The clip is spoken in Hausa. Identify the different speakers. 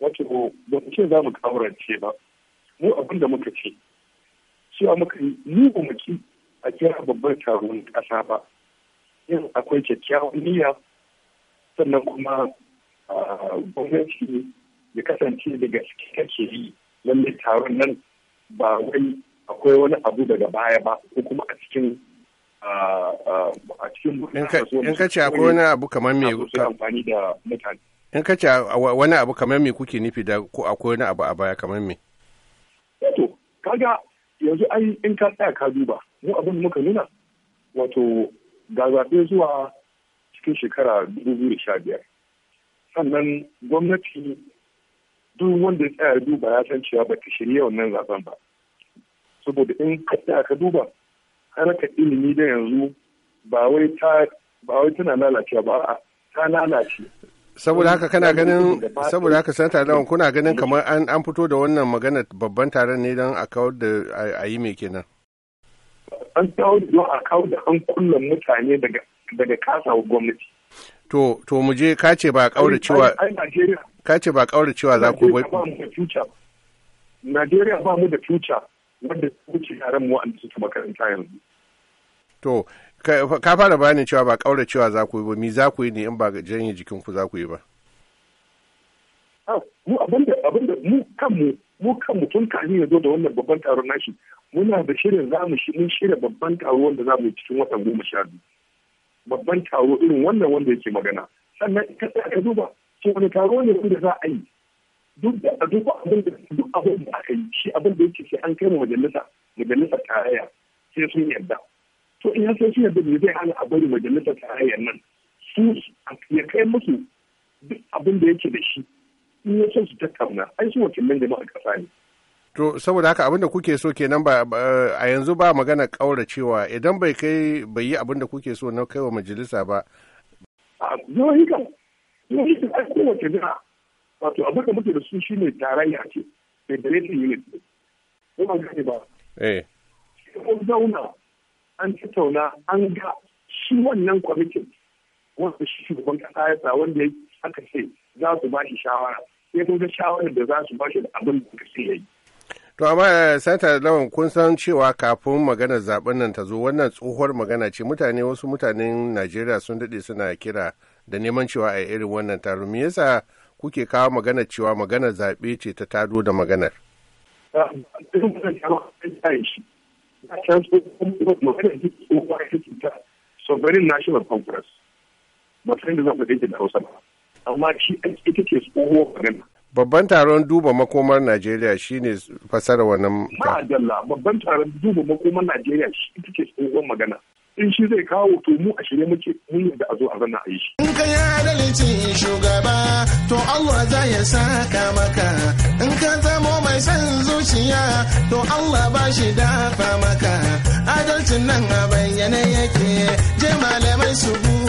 Speaker 1: wato ba mu ce za mu kaurance ba mu abin da muka ce cewa muka yi ni ba mu a kira babban taron ƙasa ba yin akwai kyakkyawan niyya sannan kuma gwamnati ya kasance da gaske kake yi lalle taron nan ba wai akwai wani abu daga baya ba ko kuma a cikin a cikin in ka ce akwai wani abu kamar me amfani da mutane
Speaker 2: in ka ce wani abu kamar me kuke nufi da ko akwai wani abu a baya kamar me
Speaker 1: wato eh kaga yanzu ai in ka tsaya ka duba mu abin muka nuna wato ga zaɓe zuwa cikin shekara 2015 sannan gwamnati duk wanda ya tsaya duba ya san cewa ba ta shirya wannan zaben ba saboda in ka tsaya ka duba harkar ilimi da yanzu ba wai tana lalacewa ba ta lalace saboda haka kana ganin saboda haka sanata lawan
Speaker 2: kuna ganin kamar an an fito da wannan magana babban taron ne don a kawar da a yi mai kenan
Speaker 1: an kawo da a kawo da an kullum mutane daga daga kasa gwamnati
Speaker 2: to to mu je ka ce ba kaura cewa ka ce ba kaura cewa za ku bai
Speaker 1: Najeriya ba mu da future wanda su ci yaran mu wanda suke makaranta yanzu
Speaker 2: To, ka fara bayanin cewa ba kaura cewa za ku yi ba, mi za ku yi ne in ba janye jikinku za ku yi ba?
Speaker 1: Mu abinda abinda mu kanmu mu kanmu tun kafin ya zo da wannan babban taron nashi muna da shirin za mu mun shirya babban taro wanda za mu yi cikin watan goma sha biyu. Babban taro irin wannan wanda yake magana. Sannan ka tsaya ka duba ce wani taro ne wanda za a yi. Duk da duk abin da duk abin da aka yi shi abin da yake sai an kai mu majalisa majalisar tarayya sai sun yarda. so in ya shi yadda me zai hana a bari majalisar tarayyar nan su ya kai musu duk abin da yake da shi in ya san su tattauna ai su wakilan jama'a kasa ne
Speaker 2: To saboda haka abin da kuke so kenan ba a yanzu ba magana kaura cewa idan bai kai bai yi abin da kuke so na kaiwa majalisa
Speaker 1: ba. Yau yi ka yau yi ka ai kowace jira wato abin da muke da su shi ne tarayya ce federation unit ne. Kuma gane ba. Eh. ko zauna an tattauna an ga shi wannan kwamitin wanda shi shugaban kasa ya sa wanda aka ce za su ba shi shawara sai kun ga shawarar da za su ba shi da abin da ka ya yi.
Speaker 2: To amma eh, sata lawan kun san cewa kafin maganar zaben nan ta zo wannan tsohuwar magana ce mutane wasu mutanen Najeriya sun daɗe suna kira da neman cewa a irin wannan taron. me yasa kuke kawo maganar cewa maganar zaɓe ce ta tado da maganar.
Speaker 1: Ah, a can su magana ita ce ta sovereign national congress ba san da zan faɗe da hausa amma shi ita ke tsohuwar magana
Speaker 2: babban taron duba makomar Najeriya shine fasara wannan
Speaker 1: ma'adalla babban taron duba makomar Najeriya shi take tsohon magana in shi zai kawo to mu a shirye muke mun yadda a zo a zanna a yi shi
Speaker 2: in ka adalci shugaba to Allah za ya saka maka in mai son zuciya to Allah ba shi dafa maka adalcin nan a bayyane yake je malamai su buɗe